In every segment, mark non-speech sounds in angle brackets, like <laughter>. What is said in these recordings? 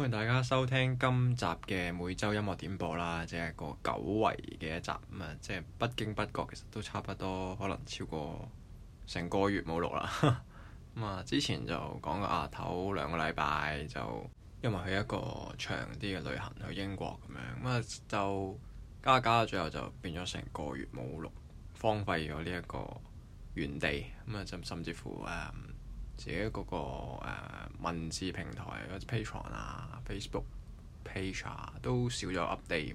歡迎大家收聽今集嘅每周音樂點播啦，即係一個久違嘅一集咁啊！即係不經不覺，其實都差不多，可能超過成個月冇錄啦。咁 <laughs> 啊、嗯，之前就講個阿頭兩個禮拜，就因為去一個長啲嘅旅行去英國咁樣，咁、嗯、啊就加加，最後就變咗成個月冇錄，荒廢咗呢一個原地咁啊、嗯！甚至乎啊～、嗯自己嗰、那個、呃、文字平台個、啊、Patreon 啊、Facebook page 啊，都少咗 update，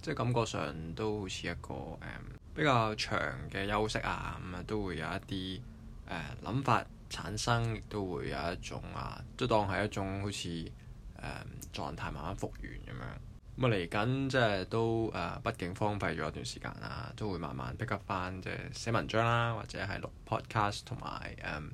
即係感覺上都好似一個誒、嗯、比較長嘅休息啊。咁、嗯、啊，都會有一啲誒諗法產生，亦都會有一種啊，都當係一種好似誒、嗯、狀態慢慢復原咁樣。咁、嗯、啊，嚟緊即係都誒、呃，畢竟荒廢咗一段時間啦、啊，都會慢慢 pick up 翻，即係寫文章啦、啊，或者係錄 podcast 同埋誒。嗯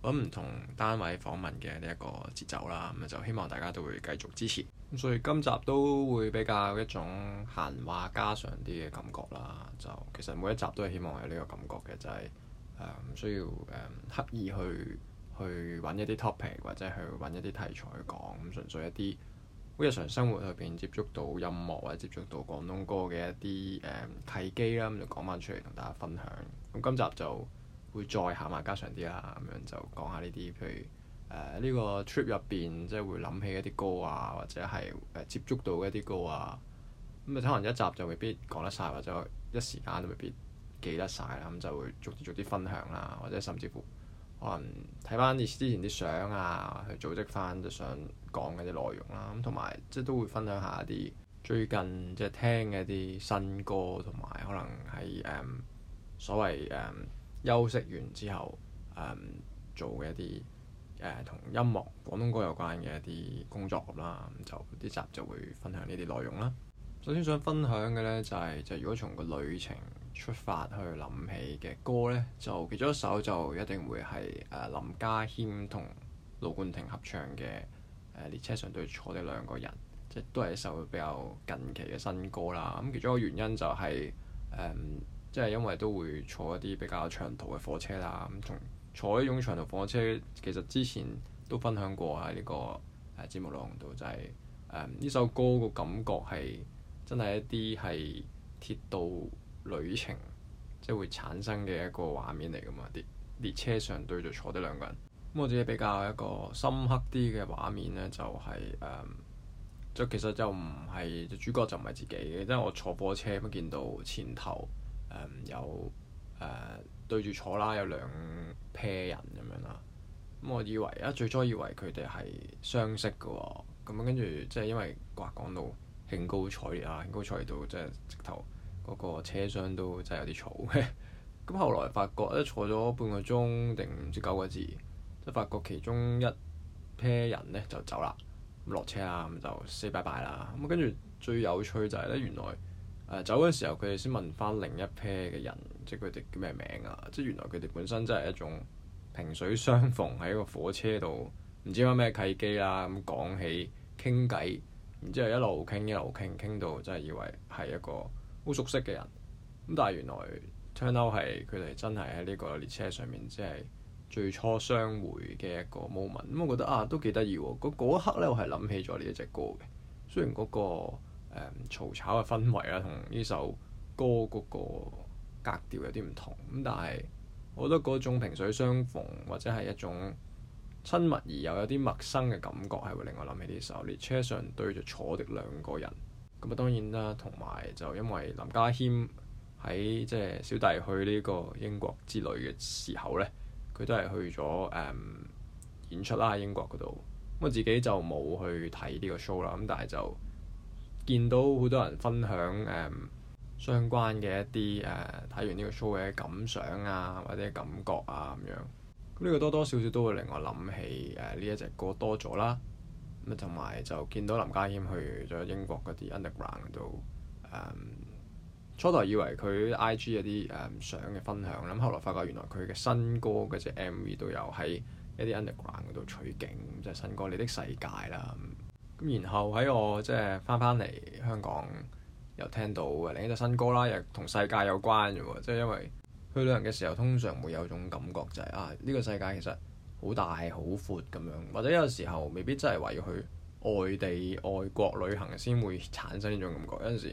咁唔同單位訪問嘅呢一個節奏啦，咁就希望大家都會繼續支持。咁所以今集都會比較一種閒話家常啲嘅感覺啦。就其實每一集都係希望有呢個感覺嘅，就係、呃、唔、呃、需要誒、呃、刻意去去揾一啲 topic 或者去揾一啲題材去講，咁純粹一啲日常生活裏邊接觸到音樂或者接觸到廣東歌嘅一啲誒契機啦，咁就講翻出嚟同大家分享。咁今集就～會再行埋加長啲啦，咁樣就講下呢啲，譬如誒呢、呃這個 trip 入邊，即係會諗起一啲歌啊，或者係誒、呃、接觸到一啲歌啊。咁、嗯、啊，可能一集就未必講得晒，或者一時間都未必記得晒啦。咁就會逐啲逐啲分享啦，或者甚至乎可能睇翻之前啲相啊，去組織翻就想講嘅啲內容啦。咁同埋即係都會分享一下啲最近即係聽嘅一啲新歌，同埋可能係誒、嗯、所謂誒。嗯休息完之後，誒、嗯、做嘅一啲誒同音樂廣東歌有關嘅一啲工作咁啦，咁、嗯、就呢集就會分享呢啲內容啦。首先想分享嘅呢，就係、是，就如果從個旅程出發去諗起嘅歌呢，就其中一首就一定會係誒、呃、林家謙同盧冠廷合唱嘅誒、呃、列車上對坐嘅兩個人，即、就是、都係一首比較近期嘅新歌啦。咁、嗯、其中一個原因就係、是、誒。呃即係因為都會坐一啲比較長途嘅火車啦。咁、嗯、同坐呢種長途火車，其實之前都分享過喺、啊、呢、呢個誒節、呃、目內容度，就係誒呢首歌個感覺係真係一啲係鐵道旅程，即係會產生嘅一個畫面嚟㗎嘛。啲列車上對住坐得兩個人。咁、嗯、我自己比較一個深刻啲嘅畫面呢，就係、是、誒、嗯、就其實就唔係主角就唔係自己嘅，因為我坐火車咁見到前頭。誒有誒對住坐啦，有兩 pair、呃、人咁樣啦。咁、嗯、我以為啊，最初以為佢哋係相識嘅喎。咁、嗯、跟住即係因為話講到興高采烈啊，興高采烈到即係直頭嗰個車廂都真係有啲嘈。咁、 <laughs> 嗯、後來發覺咧，坐咗半個鐘定唔知九個字，即係發覺其中一 pair 人咧就走啦，落車啦，咁、嗯、就 say bye bye 啦。咁、嗯、跟住最有趣就係咧，原來～誒走嘅時候，佢哋先問翻另一 pair 嘅人，即係佢哋叫咩名啊？即係原來佢哋本身真係一種萍水相逢，喺一個火車度，唔知有咩契機啦，咁講起傾偈，然之後一路傾一路傾，傾到真係以為係一個好熟悉嘅人。咁但係原來 turn out 係佢哋真係喺呢個列車上面，即係最初相會嘅一個 moment。咁、嗯、我覺得啊，都幾得意喎。嗰一刻咧，我係諗起咗呢一隻歌嘅。雖然嗰、嗰個嘈、嗯、吵嘅氛圍啦，同呢首歌嗰個格調有啲唔同咁，但係我覺得嗰種萍水相逢或者係一種親密而又有啲陌生嘅感覺係會令我諗起呢首列車上對著坐的兩個人咁啊、嗯。當然啦，同埋就因為林家謙喺即係小弟去呢個英國之旅嘅時候呢，佢都係去咗誒、嗯、演出啦，英國嗰度咁，我自己就冇去睇呢個 show 啦。咁但係就～見到好多人分享誒、嗯、相關嘅一啲誒睇完呢個 show 嘅感想啊，或者感覺啊咁樣，呢個多多少少都會令我諗起誒呢、呃、一隻歌多咗啦。咁啊同埋就見到林家謙去咗英國嗰啲 underground 度、嗯，初頭以為佢 IG 有啲誒、嗯、相嘅分享，咁後來發覺原來佢嘅新歌嗰隻、那個、MV 都有喺一啲 underground 度取景，即、就、係、是、新歌你的世界啦。咁然後喺我即係返返嚟香港，又聽到另一隻新歌啦，又同世界有關嘅喎。即係因為去旅行嘅時候，通常會有種感覺就係啊，呢個世界其實好大好闊咁樣。或者有時候未必真係話要去外地外國旅行先會產生呢種感覺。有陣時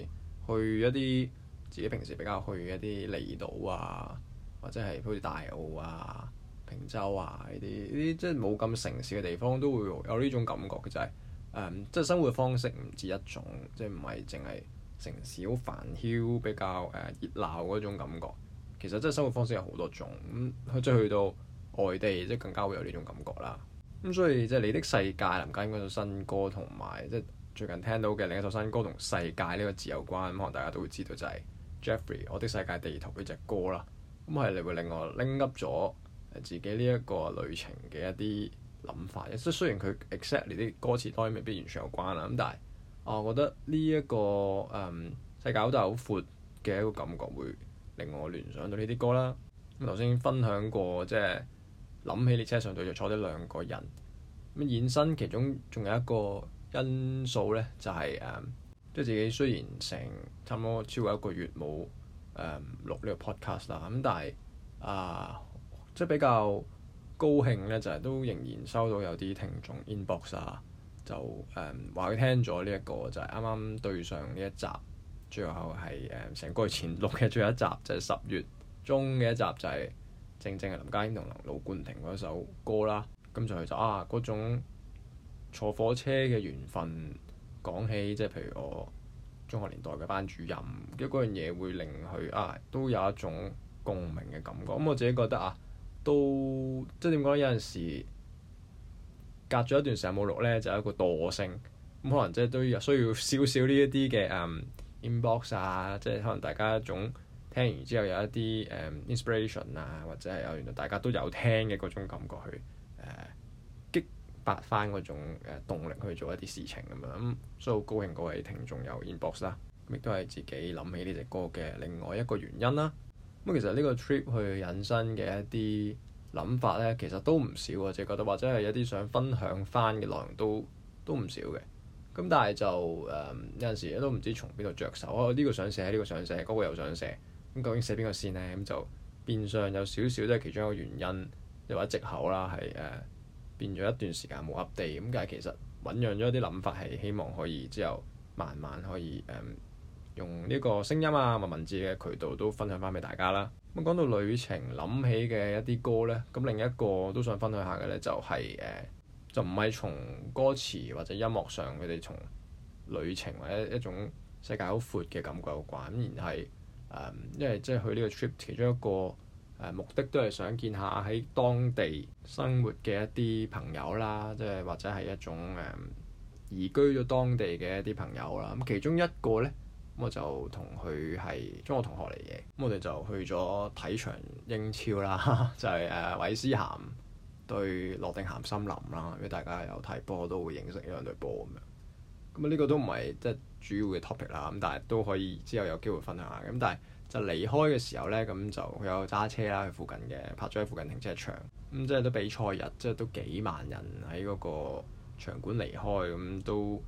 去一啲自己平時比較去一啲離島啊，或者係好似大澳啊、坪洲啊呢啲呢啲，即係冇咁城市嘅地方，都會有呢種感覺嘅就係。Um, 即係生活方式唔止一種，即係唔係淨係城市好煩囂、比較誒、uh, 熱鬧嗰種感覺。其實即係生活方式有好多種，咁、嗯、佢即係去到外地，即係更加會有呢種感覺啦。咁、嗯、所以即係你的世界林家英嗰首新歌，同埋即係最近聽到嘅另一首新歌，同世界呢個字有關。咁可能大家都會知道就係 Jeffrey 我的世界地圖呢隻歌啦。咁係你會令我 link up 咗自己呢一個旅程嘅一啲諗法嘅，即係雖然佢 exactly 你啲歌詞當然未必完全有關啦，咁但係我覺得呢、這、一個誒、嗯、世界都係好闊嘅一個感覺，會令我聯想到呢啲歌啦。咁頭先分享過，即係諗起你車上對就坐咗兩個人，咁延伸其中仲有一個因素咧，就係、是、誒、嗯，即係自己雖然成差唔多超過一個月冇誒、嗯、錄呢個 podcast 啦，咁但係啊，即係比較，高興咧，就係、是、都仍然收到有啲聽眾 inbox 啊，就誒話佢聽咗呢一個就係啱啱對上呢一集，最後係誒成個月前錄嘅最後一集，就係、是、十月中嘅一集，就係、是、正正係林嘉興同盧冠廷嗰首歌啦。咁就佢、是、就啊嗰種坐火車嘅緣分講起，即係譬如我中學年代嘅班主任，跟住嗰樣嘢會令佢啊都有一種共鳴嘅感覺。咁我自己覺得啊～都即係點講咧？有陣時隔咗一段時間冇錄呢，就係一個惰性。咁可能即係都需要少少呢一啲嘅嗯、um, inbox 啊，即係可能大家一種聽完之後有一啲、um, inspiration 啊，或者係有原來大家都有聽嘅嗰種感覺去誒、uh, 激發翻嗰種誒、uh, 動力去做一啲事情咁啊。咁、嗯、所以好高興各位聽眾有 inbox 啦、啊，亦都係自己諗起呢隻歌嘅另外一個原因啦、啊。咁其實呢個 trip 去引申嘅一啲諗法呢，其實都唔少或者係覺得或者係一啲想分享翻嘅內容都都唔少嘅。咁但係就誒、嗯、有陣時都唔知從邊度着手啊！呢、呢個想寫，呢、呢個想寫，嗰、嗰個又想寫。咁究竟寫邊個先呢？咁就變相有少少都係其中一個原因，又或者藉口啦，係、呃、誒變咗一段時間冇 update。咁但係其實醖釀咗一啲諗法，係希望可以之後慢慢可以誒。嗯用呢個聲音啊，或文字嘅渠道都分享翻俾大家啦。咁講到旅程，諗起嘅一啲歌呢，咁另一個都想分享下嘅呢，就係、是、誒、呃，就唔係從歌詞或者音樂上佢哋從旅程或者一,一種世界好闊嘅感覺啩。咁、嗯、而係誒、呃，因為即係去呢個 trip，其中一個誒、呃、目的都係想見下喺當地生活嘅一啲朋友啦，即係或者係一種誒、呃、移居咗當地嘅一啲朋友啦。咁其中一個呢。咁我就同佢係中學同學嚟嘅，咁我哋就去咗睇場英超啦， <laughs> 就係誒韋斯咸對諾定咸森林啦，如果大家有睇波都會認識呢兩隊波咁樣。咁啊呢個都唔係即係主要嘅 topic 啦，咁但係都可以之後有機會分享下。咁但係就離開嘅時候呢，咁就有揸車啦，去附近嘅泊咗喺附近停車場。咁即係都比賽日，即係都幾萬人喺嗰個場館離開，咁都。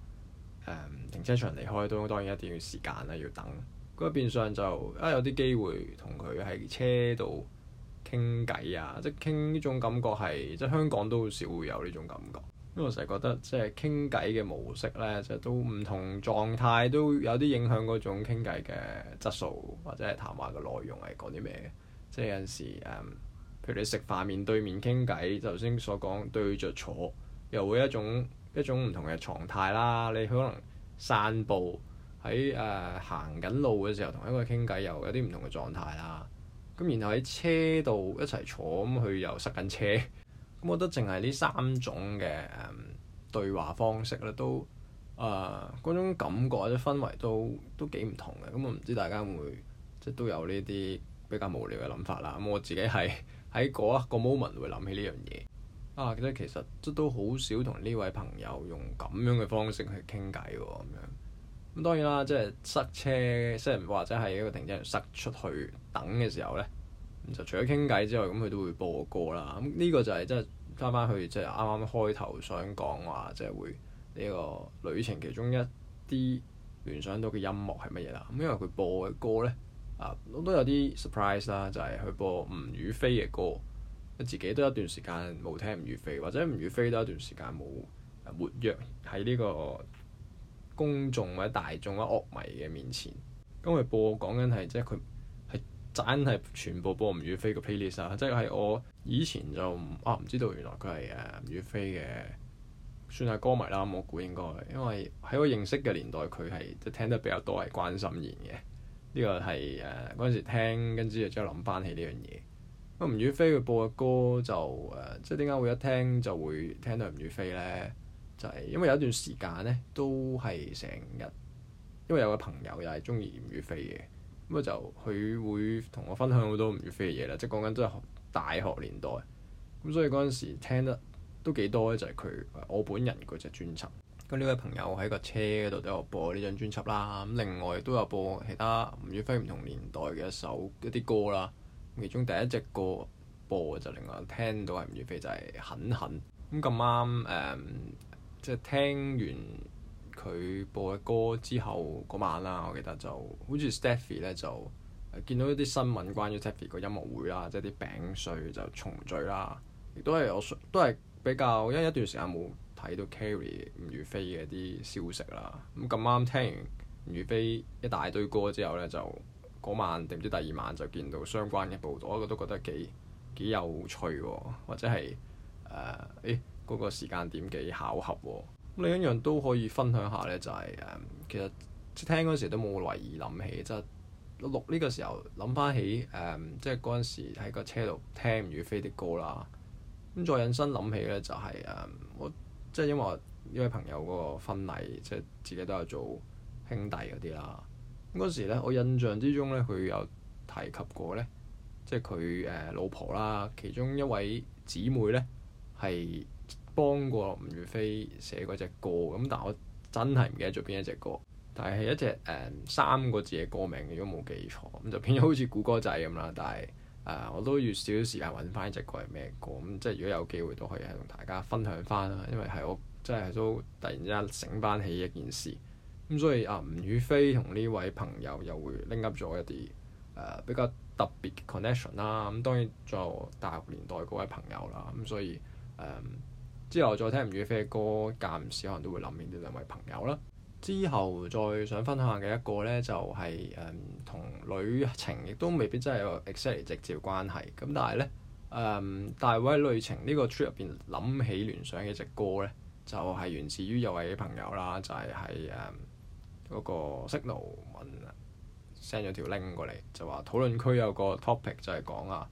誒、um, 停車場離開都當然一定要時間啦，要等。變相就啊有啲機會同佢喺車度傾偈啊，即係傾呢種感覺係即係香港都好少會有呢種感覺，因為我成日覺得即係傾偈嘅模式咧，就都唔同狀態都有啲影響嗰種傾偈嘅質素或者係談話嘅內容係講啲咩嘅。即係有陣時誒、嗯，譬如你食飯面對面傾偈，頭先所講對着坐，又會一種，一種唔同嘅狀態啦，你可能散步喺誒行緊路嘅時候，同一個傾偈，又有啲唔同嘅狀態啦。咁然後喺車度一齊坐，咁、嗯、佢又塞緊車。咁、嗯、我覺得淨係呢三種嘅誒、嗯、對話方式咧，都啊嗰、呃、種感覺或者氛圍都都幾唔同嘅。咁我唔知大家會，會即都有呢啲比較無聊嘅諗法啦。咁、嗯、我自己係喺嗰一個 moment 會諗起呢樣嘢。啊！記得其實都好少同呢位朋友用咁樣嘅方式去傾偈喎，咁樣。咁當然啦，即係塞車，即係或者係一個停車場塞出去等嘅時候呢，就除咗傾偈之外，咁佢都會播歌啦。咁、嗯、呢、這個就係即係翻翻去即係啱啱開頭想講話，即係會呢個旅程其中一啲聯想到嘅音樂係乜嘢啦。咁因為佢播嘅歌呢，啊，都都有啲 surprise 啦，就係、是、佢播吳雨霏嘅歌。自己都有一段時間冇聽吳雨霏，或者吳雨霏都有一段時間冇活躍喺呢個公眾或者大眾啊樂迷嘅面前。咁佢播講緊係即係佢係真係全部播吳雨霏嘅 playlist 啊！即係我以前就啊唔知道原來佢係誒吳雨霏嘅，算係歌迷啦。我估應該，因為喺我認識嘅年代，佢係即係聽得比較多係關心妍嘅。呢個係誒嗰陣時聽，跟住再諗翻起呢樣嘢。咁吳雨霏佢播嘅歌就誒、呃，即係點解會一聽就會聽到吳雨霏咧？就係、是、因為有一段時間咧，都係成日，因為有個朋友又係中意吳雨霏嘅，咁啊就佢會同我分享好多吳雨霏嘅嘢啦，即係講緊都係大學年代，咁所以嗰陣時聽得都幾多咧，就係佢我本人嗰隻專輯。咁呢位朋友喺個車嗰度都有播呢張專輯啦，咁另外都有播其他吳雨霏唔同年代嘅一首一啲歌啦。其中第一隻歌播就令我聽到係吳雨霏就係、係、狠狠。咁咁啱誒，即係、嗯就係、聽完佢播嘅歌之後嗰晚啦，我記得就，就好似 Stephy 咧就、啊、見到一啲新聞關於 Stephy 個音樂會啦，即係啲餅碎就重聚啦。亦都係我都係比較因為一段時間冇睇到 Kerry 吳雨霏嘅啲消息啦。咁咁啱聽完吳雨霏一大堆歌之後咧就～嗰晚定唔知第二晚就見到相關嘅報導，我都覺得幾幾有趣喎，或者係誒，嗰、呃、個時間點幾巧合喎。你一樣都可以分享下呢、就是，就係誒，其實聽嗰時都冇懷疑諗起，即、就、係、是、錄呢個時候諗翻起誒、嗯，即係嗰陣時喺個車度聽吳雨霏的歌啦。咁再引申諗起呢、就是，就係誒，我即係因為呢位朋友嗰個婚禮，即係自己都有做兄弟嗰啲啦。嗰時咧，我印象之中咧，佢有提及過咧，即係佢誒老婆啦，其中一位姊妹咧係幫過吳雨霏寫嗰隻歌。咁，但係我真係唔記得咗邊一隻歌，但係一隻誒、呃、三個字嘅歌名，如果冇記錯，咁就變咗好似估歌仔咁啦。但係誒、呃，我都要少少時間揾翻隻歌係咩歌。咁即係如果有機會都可以同大家分享翻啦，因為係我真係都突然之間醒翻起一件事。咁、嗯、所以啊，吳雨霏同呢位朋友又會拎啱咗一啲誒、呃、比較特別嘅 connection 啦。咁、嗯、當然就大學年代嗰位朋友啦。咁、嗯、所以誒、嗯、之後再聽吳雨霏嘅歌，間唔時可能都會諗起呢兩位朋友啦。之後再想分享下嘅一個咧，就係誒同旅程亦都未必真係有 exactly 直接關係。咁但係咧誒大偉旅程呢個 trip 入邊諗起聯想嘅隻歌咧，就係、是、源自於有位，位朋友啦，就係喺誒。嗯嗰個 signal 問 send 咗條 link 過嚟就話討論區有個 topic 就係講啊，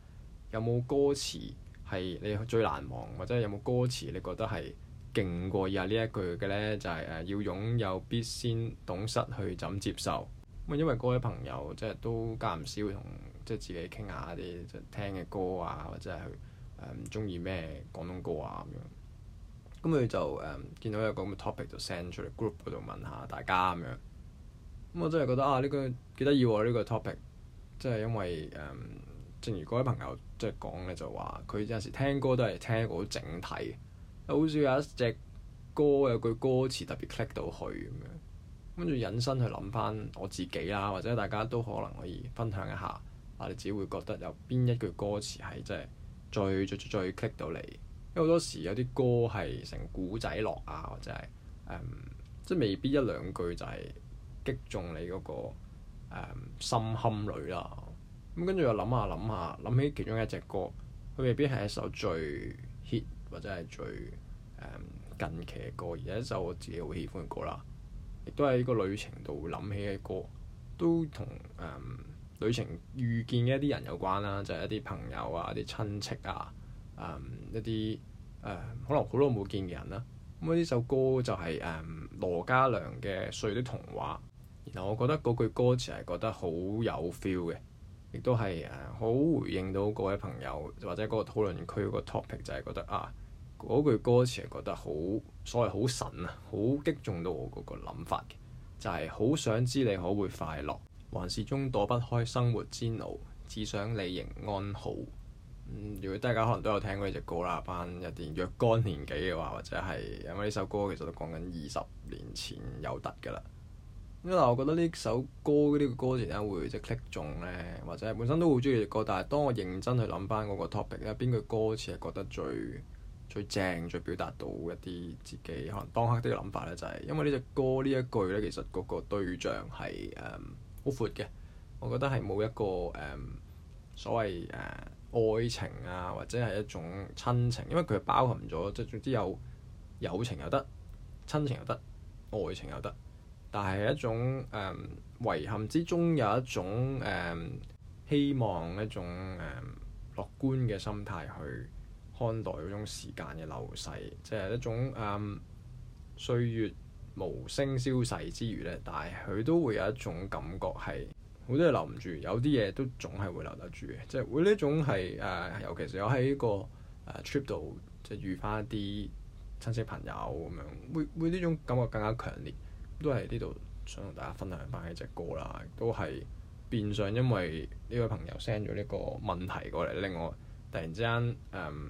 有冇歌詞係你最難忘，或者有冇歌詞你覺得係勁過以下呢一句嘅咧？就係、是、誒、呃、要擁有必先懂失去怎接受咁啊。因為各位朋友即係都間唔少會同即係自己傾下啲聽嘅歌啊，或者係誒唔中意咩廣東歌啊咁樣。咁佢就誒見、呃、到有個咁嘅 topic 就 send 出嚟 group 嗰度問下大家咁樣。咁我真係覺得啊，呢個幾得意喎。呢個 topic 即係因為誒，正如嗰位朋友即係講咧，就話佢有時聽歌都係聽好整體，又好少有一隻歌有句歌詞特別 click 到佢咁樣，跟住引申去諗翻我自己啦，或者大家都可能可以分享一下啊。你自己會覺得有邊一句歌詞係即係最最最，最 click 到你，因為好多時有啲歌係成古仔落啊，或者係、嗯、即係未必一兩句就係，擊中你嗰、那個誒、嗯、心坎裏啦。咁跟住又諗下諗下，諗起其中一隻歌，佢未必係一首最 hit 或者係最誒、嗯、近期嘅歌，而係一首我自己好喜歡嘅歌啦。亦都係呢個旅程度會諗起嘅歌，都同誒、嗯、旅程遇見嘅一啲人有關啦，就係、是、一啲朋友啊、啲親戚啊、誒、嗯、一啲誒、嗯、可能好耐冇見嘅人啦、啊。咁、嗯、呢首歌就係、是、誒、嗯、羅嘉良嘅《歲月的童話》。然後我覺得嗰句歌詞係覺得好有 feel 嘅，亦都係誒好回應到各位朋友或者嗰個討論區個 topic 就係覺得啊嗰句歌詞係覺得好所謂好神啊，好擊中到我嗰個諗法嘅，就係好想知你可會快樂，還是終躲不開生活煎熬，只想你仍安好。嗯，如果大家可能都有聽過呢隻歌啦，班入邊若干年紀嘅話，或者係因為呢首歌其實都講緊二十年前有得㗎啦。因嗱，我覺得呢首歌呢啲、這個、歌詞咧會即 click 中咧，或者本身都好中意隻歌，但係當我認真去諗翻嗰個 topic 咧，邊句歌詞係覺得最最正，最表達到一啲自己可能當刻啲諗法咧、就是，就係因為呢隻歌呢一句咧，其實嗰個對象係誒好闊嘅，我覺得係冇一個誒、um, 所謂誒、uh, 愛情啊，或者係一種親情，因為佢包含咗即總之有友情又得，親情又得，愛情又得。但係一種誒、呃、遺憾之中，有一種誒、呃、希望一種誒、呃、樂觀嘅心態去看待嗰種時間嘅流逝，即、就、係、是、一種誒、呃、歲月無聲消逝之餘咧。但係佢都會有一種感覺係好多嘢留唔住，有啲嘢都總係會留得住嘅，即、就、係、是、會呢種係誒、呃。尤其是我喺一個誒 trip、呃、度，即、就、係、是、遇翻一啲親戚朋友咁樣，會會呢種感覺更加強烈。都係呢度想同大家分享翻呢隻歌啦，都係變相因為呢位朋友 send 咗呢個問題過嚟，令我突然之間誒、嗯、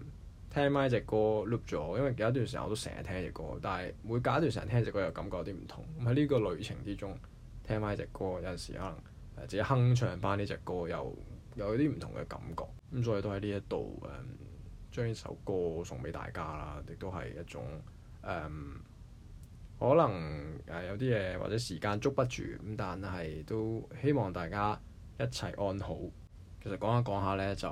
聽翻呢隻歌 loop 咗，因為有一段時間我都成日聽呢隻歌，但係每隔一段時間聽呢隻歌又感覺有啲唔同。咁喺呢個旅程之中聽翻呢隻歌，有陣時可能自己哼唱翻呢隻歌又有啲唔同嘅感覺。咁所以都喺呢一度誒將呢首歌送俾大家啦，亦都係一種誒。嗯可能誒有啲嘢或者時間捉不住咁，但係都希望大家一齊安好。其實講下講下呢，就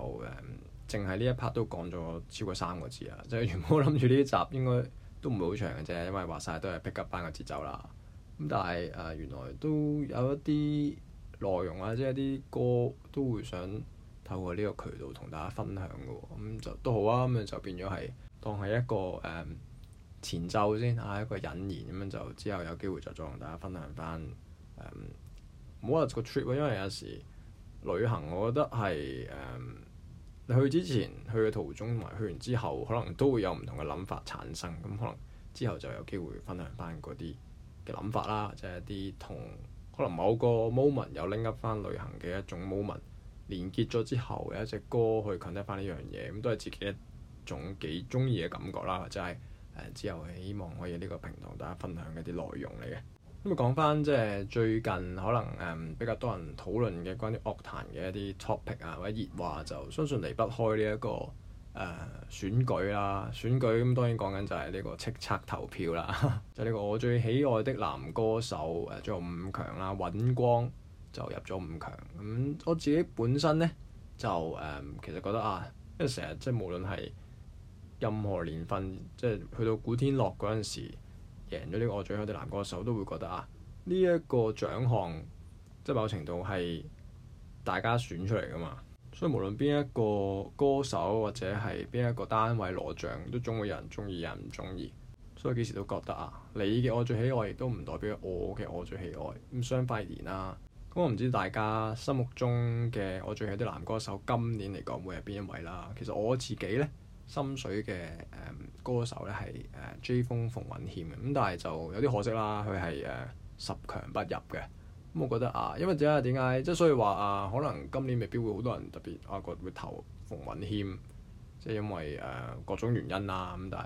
誒，淨係呢一 part 都講咗超過三個字啊！即係 <laughs> 原本我諗住呢集應該都唔係好長嘅啫，因為話晒都係 pickup 班嘅節奏啦。咁但係誒、呃，原來都有一啲內容啊，即係啲歌都會想透過呢個渠道同大家分享嘅喎。咁就都好啊。咁就變咗係當係一個誒。呃前奏先，係、啊、一個引言咁樣，就之後有機會就再同大家分享翻誒。唔好話個 trip，因為有時旅行，我覺得係誒、嗯、你去之前、去嘅途中同埋去完之後，可能都會有唔同嘅諗法產生。咁、嗯、可能之後就有機會分享翻嗰啲嘅諗法啦，即係一啲同可能某個 moment 有拎一翻旅行嘅一種 moment 連結咗之後，嘅一隻歌去 connect 翻呢樣嘢，咁、嗯、都係自己一種幾中意嘅感覺啦，或者係。誒，之後希望可以呢個平台大家分享一啲內容嚟嘅。咁啊，講翻即係最近可能誒、嗯、比較多人討論嘅關於樂壇嘅一啲 topic 啊或者熱話，就相信離不開呢、這、一個誒、呃、選舉啦。選舉咁、嗯、當然講緊就係呢個叱咤投票啦。 <laughs> 就呢個我最喜愛的男歌手誒，最後五強啦，尹光就入咗五強。咁、嗯、我自己本身呢，就誒、呃，其實覺得啊，因為成日即係無論係。任何年份，即係去到古天樂嗰陣時，贏咗呢個我最喜愛的男歌手，都會覺得啊，呢、這、一個獎項，即係某程度係大家選出嚟噶嘛。所以無論邊一個歌手或者係邊一個單位攞獎，都總會有人中意有人唔中意。所以幾時都覺得啊，你嘅我最喜愛亦都唔代表我嘅我最喜愛。咁相反而言啦，咁我唔知大家心目中嘅我最喜愛啲男歌手，今年嚟講會係邊一位啦？其實我自己呢。心水嘅誒、嗯、歌手咧係誒 Jay Fung 馮允謙嘅咁，但係就有啲可惜啦。佢係誒十強不入嘅咁、嗯，我覺得啊，因為點解點解即係所以話啊，可能今年未必會好多人特別啊個會投馮允謙，即、就、係、是、因為誒、啊、各種原因啊咁。但係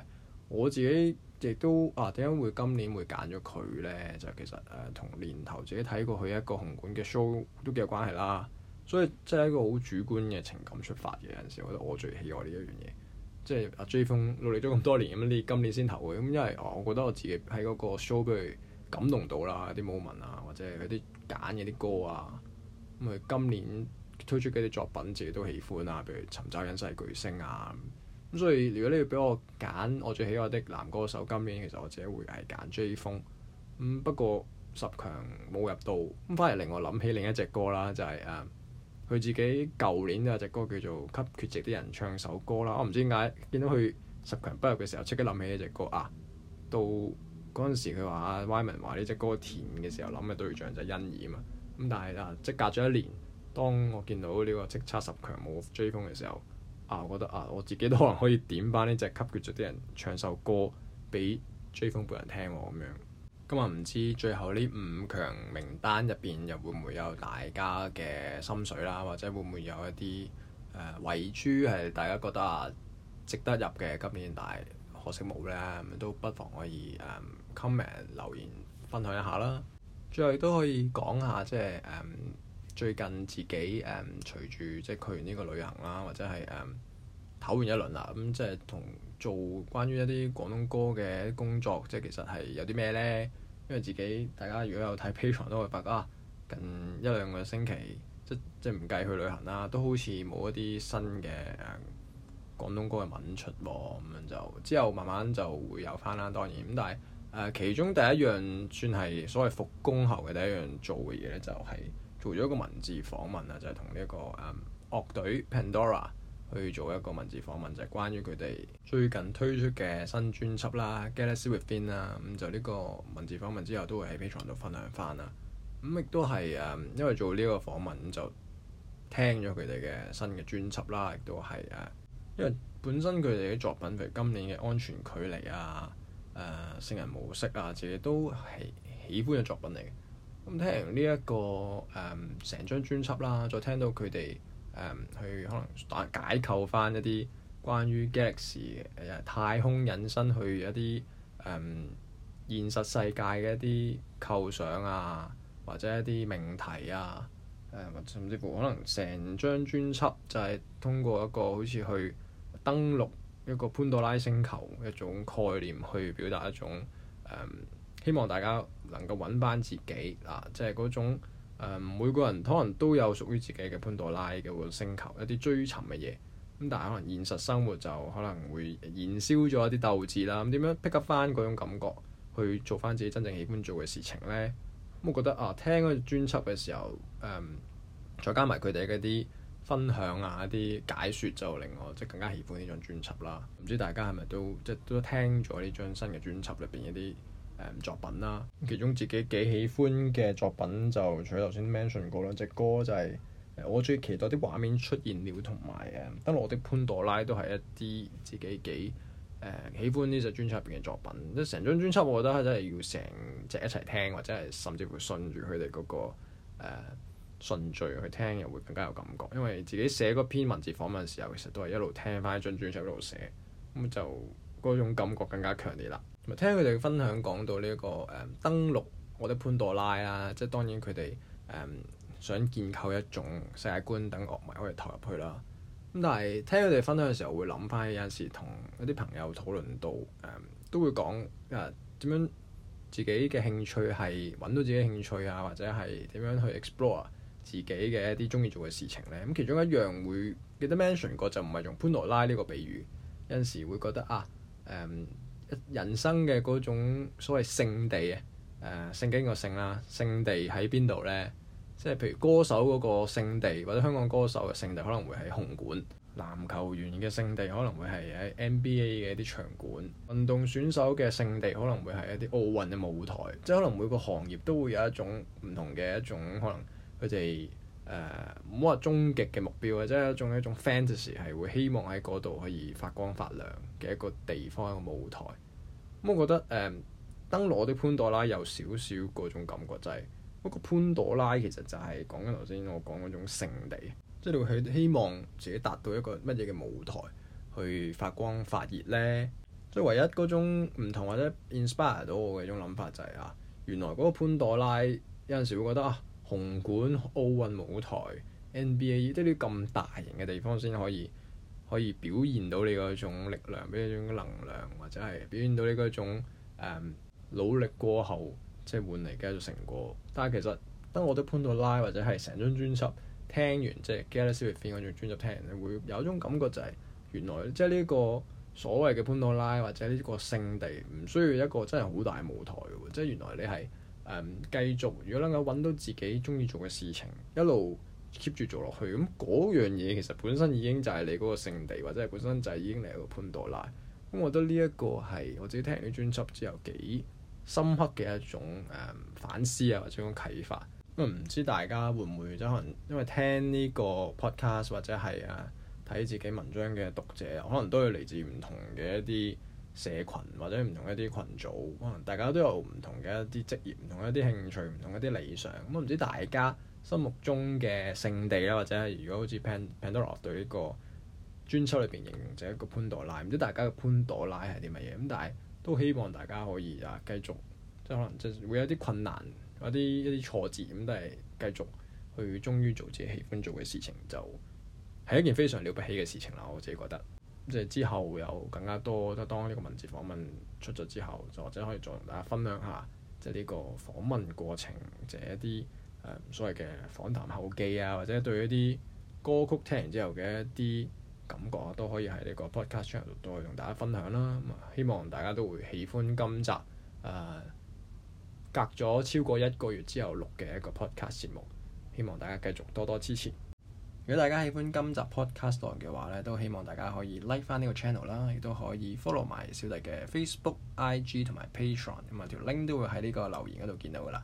我自己亦都啊點解會今年會揀咗佢咧？就其實誒同、啊、年頭自己睇過佢一個紅館嘅 show 都幾有關係啦。所以即係、就是、一個好主觀嘅情感出發嘅有陣時，我覺得我最喜愛呢一樣嘢。即係阿 Jay Fung 努力咗咁多年，咁你今年先投嘅，咁因為我覺得我自己喺嗰個 show，俾佢感動到啦，啲 moment 啊，或者係啲揀嗰啲歌啊，咁佢今年推出嘅啲作品自己都喜歡啊，譬如《尋找隱世巨星》啊，咁所以如果你要俾我揀我最喜愛的男歌手，今年其實我自己會係揀 Jay Fung，咁不過十強冇入到，咁反而令我諗起另一隻歌啦，就係、是、誒。Uh, 佢自己舊年都有隻歌叫做《給缺席的人唱首歌》啦，我唔知點解見到佢十強不入嘅時候，即刻諗起呢隻歌啊。到嗰陣時佢話阿 Wyman 話呢隻歌填嘅時候諗嘅對象就係欣兒啊嘛。咁但係啊，即隔咗一年，當我見到呢個叱咤十強冇追風嘅時候，啊我覺得啊，我自己都可能可以點返呢隻《給缺席的人唱首歌》俾追風本人聽喎咁、啊、樣。今日唔知最後呢五強名單入邊又會唔會有大家嘅心水啦，或者會唔會有一啲誒、呃、位豬遺珠係大家覺得啊值得入嘅今年，但係可惜冇咧，咁都不妨可以誒、呃、comment 留言分享一下啦。最後都可以講下即係誒、嗯、最近自己誒、嗯、隨住即係去完呢個旅行啦，或者係誒唞完一輪啦，咁即係同。做關於一啲廣東歌嘅工作，即係其實係有啲咩呢？因為自己大家如果有睇 Patreon 都會發覺、啊，近一兩個星期即即唔計去旅行啦，都好似冇一啲新嘅、嗯、廣東歌嘅文出喎，咁、嗯、樣就之後慢慢就會有返啦。當然咁、嗯，但係誒、呃、其中第一樣算係所謂復工後嘅第一樣做嘅嘢呢，就係、是、做咗一個文字訪問啊，就係同呢一個誒、嗯、樂隊 Pandora。去做一個文字訪問，就係、是、關於佢哋最近推出嘅新專輯啦，《GALAXY WITHIN》啦，咁、嗯、就呢個文字訪問之後都會喺 Patreon 度分享翻啦。咁、嗯、亦都係誒、嗯，因為做呢個訪問就聽咗佢哋嘅新嘅專輯啦，亦都係誒，因為本身佢哋嘅作品，譬如今年嘅《安全距離》啊、誒、呃《聖人模式》啊，自己都係喜歡嘅作品嚟嘅。咁、嗯、聽完呢一個誒成、嗯、張專輯啦，再聽到佢哋。去可能解解構翻一啲關於 Galaxy，太空引申去一啲誒、嗯、現實世界嘅一啲構想啊，或者一啲命題啊，甚至乎可能成張專輯就係通過一個好似去登陸一個潘朵拉星球一種概念去表達一種、嗯、希望大家能夠揾翻自己嗱，即係嗰種。嗯、每個人可能都有屬於自己嘅潘朵拉嘅個星球，一啲追尋嘅嘢，咁但係可能現實生活就可能會燃燒咗一啲鬥志啦。咁點樣 pick up 翻嗰種感覺去做翻自己真正喜歡做嘅事情呢？嗯、我覺得啊，聽嗰個專輯嘅時候，嗯、再加埋佢哋嗰啲分享啊、一啲解説，就令我即係更加喜歡呢張專輯啦。唔知大家係咪都即係都聽咗呢張新嘅專輯裏邊一啲？嗯、作品啦、啊，其中自己幾喜歡嘅作品就，除咗頭先 mention 過啦，兩隻歌就係、是呃、我最期待啲畫面出現了，同埋誒《德、啊、羅的潘朵拉》都係一啲自己幾誒、呃、喜歡呢隻專輯入邊嘅作品。即成張專輯，我覺得係真係要成隻一齊聽，或者係甚至乎順住佢哋嗰個誒、呃、順序去聽，又會更加有感覺。因為自己寫嗰篇文字訪問嘅時候，其實都係一路聽翻一張專輯一路寫，咁就嗰種感覺更加強啲啦。聽佢哋分享講到呢、這、一個誒、嗯、登陸，我哋潘多拉啦，即係當然佢哋誒想建構一種世界觀等樂迷可以投入去啦。咁但係聽佢哋分享嘅時候，會諗翻有陣時同一啲朋友討論到誒、嗯，都會講啊點樣自己嘅興趣係揾到自己興趣啊，或者係點樣去 explore 自己嘅一啲中意做嘅事情咧。咁、嗯、其中一樣會記得 mention 過就唔係用潘多拉呢個比喻，有陣時會覺得啊誒。嗯人生嘅嗰種所謂聖地啊，誒聖經個聖啦，聖地喺邊度咧？即係譬如歌手嗰個聖地，或者香港歌手嘅聖地可能會喺紅館，籃球員嘅聖地可能會係喺 NBA 嘅一啲場館，運動選手嘅聖地可能會係一啲奧運嘅舞台。即係可能每個行業都會有一種唔同嘅一種可能，佢哋誒唔好話終極嘅目標或者係一種一種 fantasy 係會希望喺嗰度可以發光發亮。嘅一個地方一個舞台，咁，嗯，我覺得誒，登陸我的潘朵拉有少少嗰種感覺，就係，不過潘朵拉其實就係講緊頭先我講嗰種聖地，即係你會希望自己達到一個乜嘢嘅舞台去發光發熱呢。所以唯一嗰種唔同或者 inspire 到我嘅一種諗法就係啊，原來嗰個潘朵拉有陣時會覺得啊，紅館奧運舞台 NBA，即係呢啲咁大型嘅地方先可以。可以表現到你嗰種力量，俾你嗰種能量，或者係表現到你嗰種、嗯、努力過後，即係換嚟嘅一種成果。但係其實當我對潘多拉或者係成張專輯聽完，即係《Galaxy Within》嗰張專輯聽完，會有一種感覺就係、是、原來即係呢個所謂嘅潘多拉或者呢個聖地，唔需要一個真係好大舞台喎。即係原來你係誒、嗯、繼續，如果能夠揾到自己中意做嘅事情，一路，keep 住做落去，咁嗰樣嘢其實本身已經就係你嗰個聖地，或者係本身就已經係一個潘朵拉。咁我覺得呢一個係我自己聽完啲專輯之後幾深刻嘅一種誒、嗯、反思啊，或者一種啟發。咁唔知大家會唔會即可能因為聽呢個 podcast 或者係啊睇自己文章嘅讀者，可能都係嚟自唔同嘅一啲社群，或者唔同一啲群組，可能大家都有唔同嘅一啲職業、唔同一啲興趣、唔同一啲理想。咁唔知大家心目中嘅聖地啦，或者係如果好似 Pan 潘多拉對呢個專輯裏邊形容就一個潘多拉，唔知大家嘅潘多拉係啲乜嘢？咁但係都希望大家可以啊繼續，即係可能即係會有啲困難，有啲一啲挫折，咁都係繼續去終於做自己喜歡做嘅事情，就係、是、一件非常了不起嘅事情啦。我自己覺得，即係之後有更加多，即係當呢個文字訪問出咗之後，就或者可以再同大家分享下，即係呢個訪問過程這一啲。誒所謂嘅訪談後記啊，或者對一啲歌曲聽完之後嘅一啲感覺啊，都可以喺呢個 podcast channel 度同大家分享啦。咁啊，希望大家都會喜歡今集誒、呃、隔咗超過一個月之後錄嘅一個 podcast 節目。希望大家繼續多多支持。如果大家喜歡今集 podcast 嘅話咧，都希望大家可以 like 翻呢個 channel 啦，亦都可以 follow 埋小弟嘅 Facebook、IG 同埋 Patreon。咁啊，條 link 都會喺呢個留言嗰度見到噶啦。